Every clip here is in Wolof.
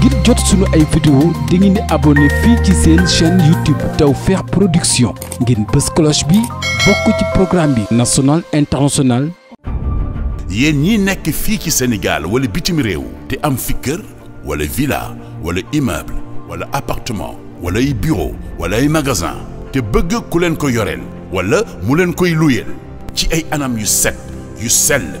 ngir jot sunu ay vidéo di ngeen di fii ci seen chaîne YouTube Tawfekh Production ngeen bës cloche bi bokk ci programme bi national international yéen ñi nekk fii ci Sénégal wala bitim réew te am fi wala villa wala immeuble wala appartement wala ay bureau wala ay magasin te bëgg ku leen ko yoreel wala mu leen koy luyeel ci ay anam yu set yu sel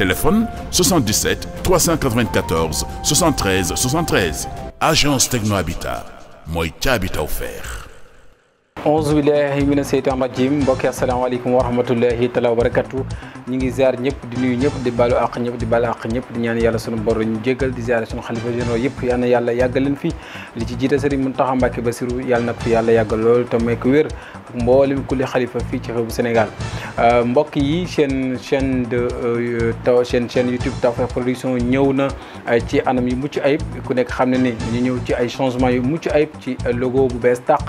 téléphone 77 394 73 73 agence Techno Habitat mooy ca Habitat offert. auzu billaahi mina seytaan rajiim mbokki asalaamaaleykum wa rahmatullaahi taala wa barakaatu. ñu ngi ziar ñëpp di nuyu ñëpp di baalu àq ñëpp di baalu àq ñëpp di ñaan yàlla sunu bor ñu jéggal di ziar sunu xalifa généraux yëpp yal na yàlla yàggal leen fi li ci jiite Serigne Mountakha Mbacké Bassirou yàlla na fi yàlla yàggal loolu te may ko wér ak mboolem kulli xalifa fii ci xewu Sénégal euh, mbokk yi seen chaîne de euh, taw seen chaîne YouTube Tawfekh Production ñëw na euh, ci anam yu mucc ayib ku nekk xam ne ni ñu ñëw ci ay changement yu mucc ayib ci logo bu bees tàq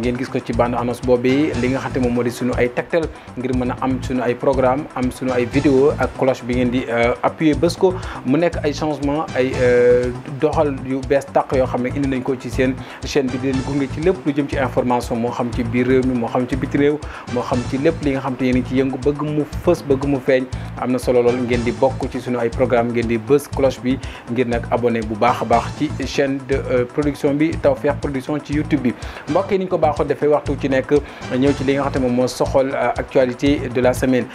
ngeen gis ko ci bande annonce boobu li nga xam moom moo di sunu ay tegtal ngir am suñu ay vidéo ak cloche bi ngeen di euh, appuyer bés ko mu nekk ay changement ay euh, doxal yu bees tàq yoo xam ne indi nañ ko ci seen chaîne bi di leen gunge ci lépp lu jëm ci information moo xam ci biir réew mi moo xam ci biti réew moo xam ci lépp li nga xam te yéen ci yëngu bëgg mu fës bëgg mu feeñ na solo lool ngeen di bokk ci suñu ay programme ngeen di bës cloche bi ngir nag abonné bu baax a baax ci chaîne de euh, production bi Tawfekh Production ci YouTube bi mbokk yi ni ko baaxoo dafay waxtu ci nekk ñëw ci li nga xam te moom moo soxool actualité de la semaine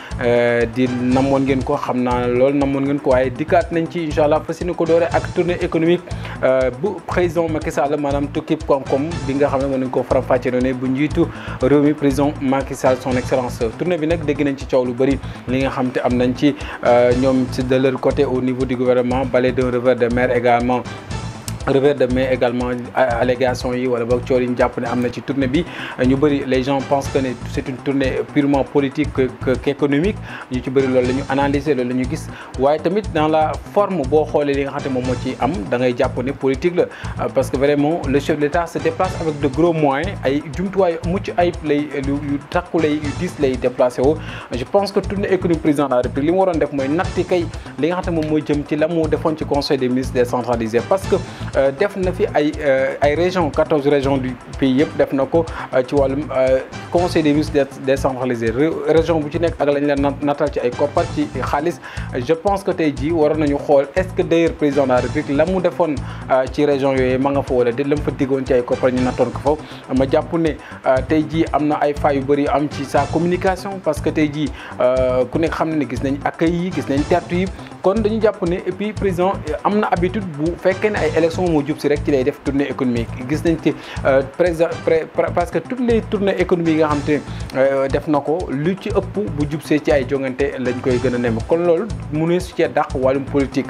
di namoon ngeen ko xam naa loolu namoon ngeen ko waaye dikkaat nañ ci incha allah fas yéene ko doore ak tournée économique euh, bu président Macky Sall maanaam tukki koom-koom bi nga xam ne mën nañ koo faram-fàccee noonu bu njiitu réew mi président Macky Sall son excellence tournée bi nag dégg nañ ci coow lu bëri li nga xam te am nañ ci euh, ñoom si de leur coté au niveau du gouvernement balai de revers de mer également revers de main également euh, allégation yi wala boog coor jàpp ne am na ci tournée bi ñu bëri les gens pensent que ne c'est une tournée purement politique que qu'économique ñu ci bëri loolu la ñu analyser loolu la ñu gis waaye tamit dans la forme boo xoolee li nga xam ne moom moo ci am da ngay jàpp ne politique la euh, parce que vraiment le chef de l'État se déplace avec de gros moyens ay jumtuwaay mucc ayib lay yu takku lay yu diis lay déplacé wo je pense que tournée économique de la République li mu waroon def mooy parce que Euh, def na fi ay euh, ay régions quatorze région du pays yëpp def na ko euh, ci wàllum conseil des ministres décentralisé région bu ci nekk ak lañ leen natal ci ay koppar ci xaalis je pense que tey jii waroon nañu xool est-ce que d'ailleurs président de la République la mu defoon ci région yooyu ma nga fa wala déet la fa diggoon ci ay koppar ñu nattoon ko fa ma jàpp ne tey jii am na ay fa yu bëri yu am ci sa communication parce que tey jii ku nekk xam na ne gis nañ accueil yi gis nañ tertu yi kon dañu jàpp ne et puis président euh, am na habitude bu fekkee ne ay élection moo jub si rek ci lay def tournée économie gis nañ ci euh, président parce que toutes les tournées économiques yi nga xam te euh, def na ko lu ci ëpp bu jub see ci ay jongante lañ koy gën a nem kon lool mu ne su cee dàq wàllum politique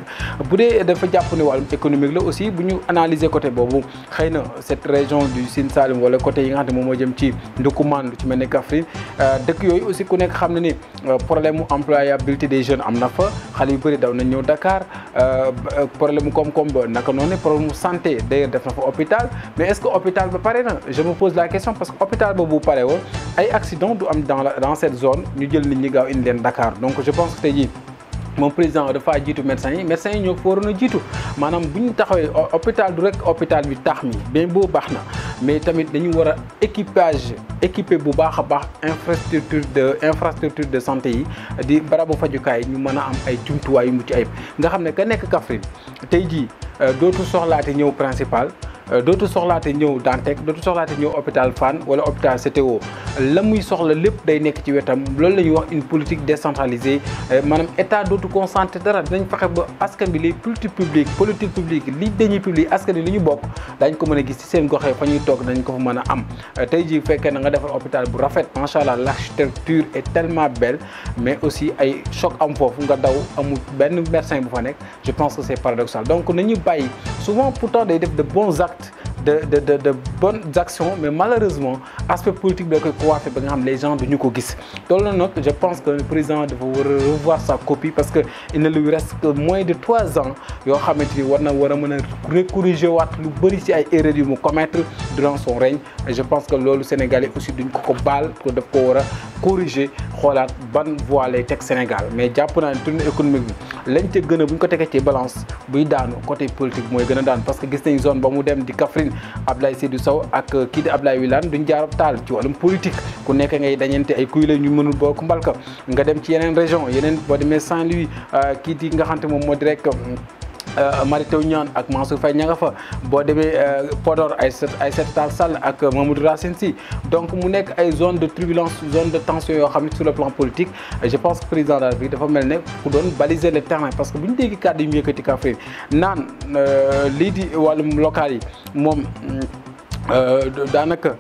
bu dee dafa jàpp ne wàllum économique la aussi bu ñu analyser côté boobu xëy na cette région du Sine saalum wala côté yi nga xam ne moom moo jëm ci Ndoukoumane lu ci mel ne Kaffrine yooyu aussi ku nekk xam ne ni problème mu employabilité des jeunes am na fa xale yu bëri daw nañ ñëw Dakar euh, euh, problème mu koom-koom ba naka noonu problème mu santé d'ailleurs def na fa hôpital mais est-ce que hôpital ba pare na je me pose la question parce que hôpital ba bu pare woon accident am dans dans cette zone ñu jël nit ñi gaaw indi leen Dakar donc je pense que tey jii moom président dafa jiitu médecins yi médecins yi ñoo ko waroon a jiitu maanaam bu ñu taxawee hôpital du rek hôpital bi tax mi bien boo baax na mais tamit dañu war a équipage équipé bu baax a baax infrastructure de infrastructure de santé yi di barabu fajukaay ñu mën a am ay jumtuwaay yu mucc ayib nga xam ne ka nekk Kaffrine tey jii euh, dootu soxlaate ñëw principal. Euh, dootu soxlaate ñëw Dantec dootu soxlaate ñëw hôpital Fann wala hôpital CTO la muy soxla lépp day nekk ci wetam loolu la ñuy wax une politique décentralisée euh, maanaam état dootu concentré dara dinañ fexe ba askan bi les politiques publiques politique publique li dañuy publique askan bi li ñu bokk dañ ko mën a gis ci seen goxee fa ñuy toog dañ ko fa mën a am euh, tey jii fekkee na nga defar hôpital bu rafet macha allah l'architecture est tellement belle mais aussi ay choc am foofu nga daw amul benn médecin bu fa nekk je pense que c'est paradoxal donc nañu de de de bonnes actions mais malheureusement aspect politique bi da koy coiffé ba xam les gens duñu ko gis loolu nag je pense que le président dafa war a revoir sa copie parce que il ne lui reste que moins de trois ans yoo xamante ni war na war a mën a recorriger waat lu bëri ci ay erreurs yu mu commettre durant son règne je pense que loolu sénégalais aussi duñ ko ko baal ko daf ko war corriger xoolaat ban voie lay teg Sénégal mais jàpp naa ne tournée économique bi lañ ca gën a bu ñu ko tegee ci balance buy daanu côté politique mooy gën daan parce que gis nañ zone ba mu dem di Kaffrine Abdoulaye Seydou Sow ak kii di Abdoulaye Wilane duñ jaarab taal ci wàllum politique ku nekk ngay dañante ay kuy la ñu mënul bokk mbalka nga dem ci yeneen région yeneen boo demee Saint-Louis euh, kii di nga xamante moom moo di Euh, Mary Teuw Niane ak Mansour Faye ña nga boo demee euh, Podor ay set ay set Tall Sall ak euh, Mamadou Racine Sy donc mu nekk ay zone de turbulence zone de tension yoo xam ne sur le plan politique je pense que président la République dafa mel ne ku doon baliser le terrain parce que bu ñu dégg kàddu yi mu yëkkati café naan lii di wala local yi moom daanaka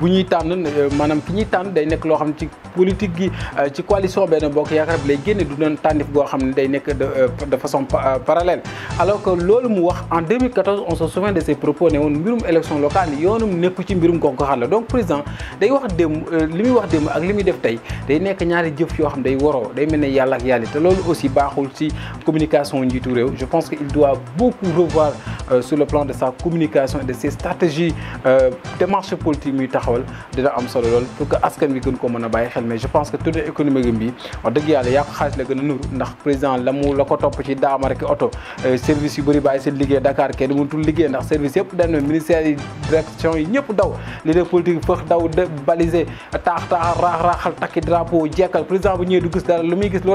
bu ñuy tànn euh, maanaam ki ñuy tànn day nekk loo xam ne ci politique gi euh, ci coalition benn bokk yaakaar bi lay génne du doon tànnif goo xam ne day nekk de euh, façon parallèle alors que loolu mu wax en 2014 on se souvient de ses propos ne woon mbirum élection locale yoonum nekku ci mbirum gox goxaan la donc président day wax démb li muy wax démb ak li muy def tey day nekk ñaari jëf yoo xam day waroo day mel ne yàlla ak yàlla te loolu aussi baaxul ci communication njiitu réew je pense que il doit beaucoup revoir Euh, sur le plan de sa communication et de ses stratégies euh, démarche politique muy taxawal dina am solo lool pour que askan bi gën ko mën a bàyyi xel mais je pense que tournée économique bi wax dëgg yàlla yàqu xaalis la gën a nuru ndax président la mu la ko topp ci daama rek oto euh, service yu bëri bàyyi seen liggéey Dakar kenn mënatul liggéey ndax service yëpp dem na ministère yi direction yi ñëpp daw leader politique fëx daw de baliser taax taax raax raaxal takki drapeau jekkal président bu ñëwee du gis dara lu muy gis lu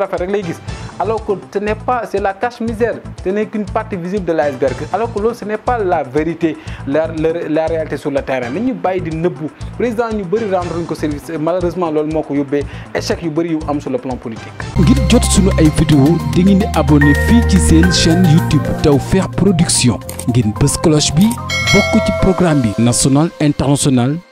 la cache loolu ce n'est pas la vérité la la réalité sur le terrain nañu bàyyi di nëbbu président ñu bëri rendre ñu ko service malheureusement loolu moo ko yóbbee échec yu bëri yu am sur le plan politique. ngir jot suñu ay vidéo di ngeen di abonné fii ci seen chaîne YouTube Tawfekh Production ngeen bës cloche bi bokk ci programme bi national international.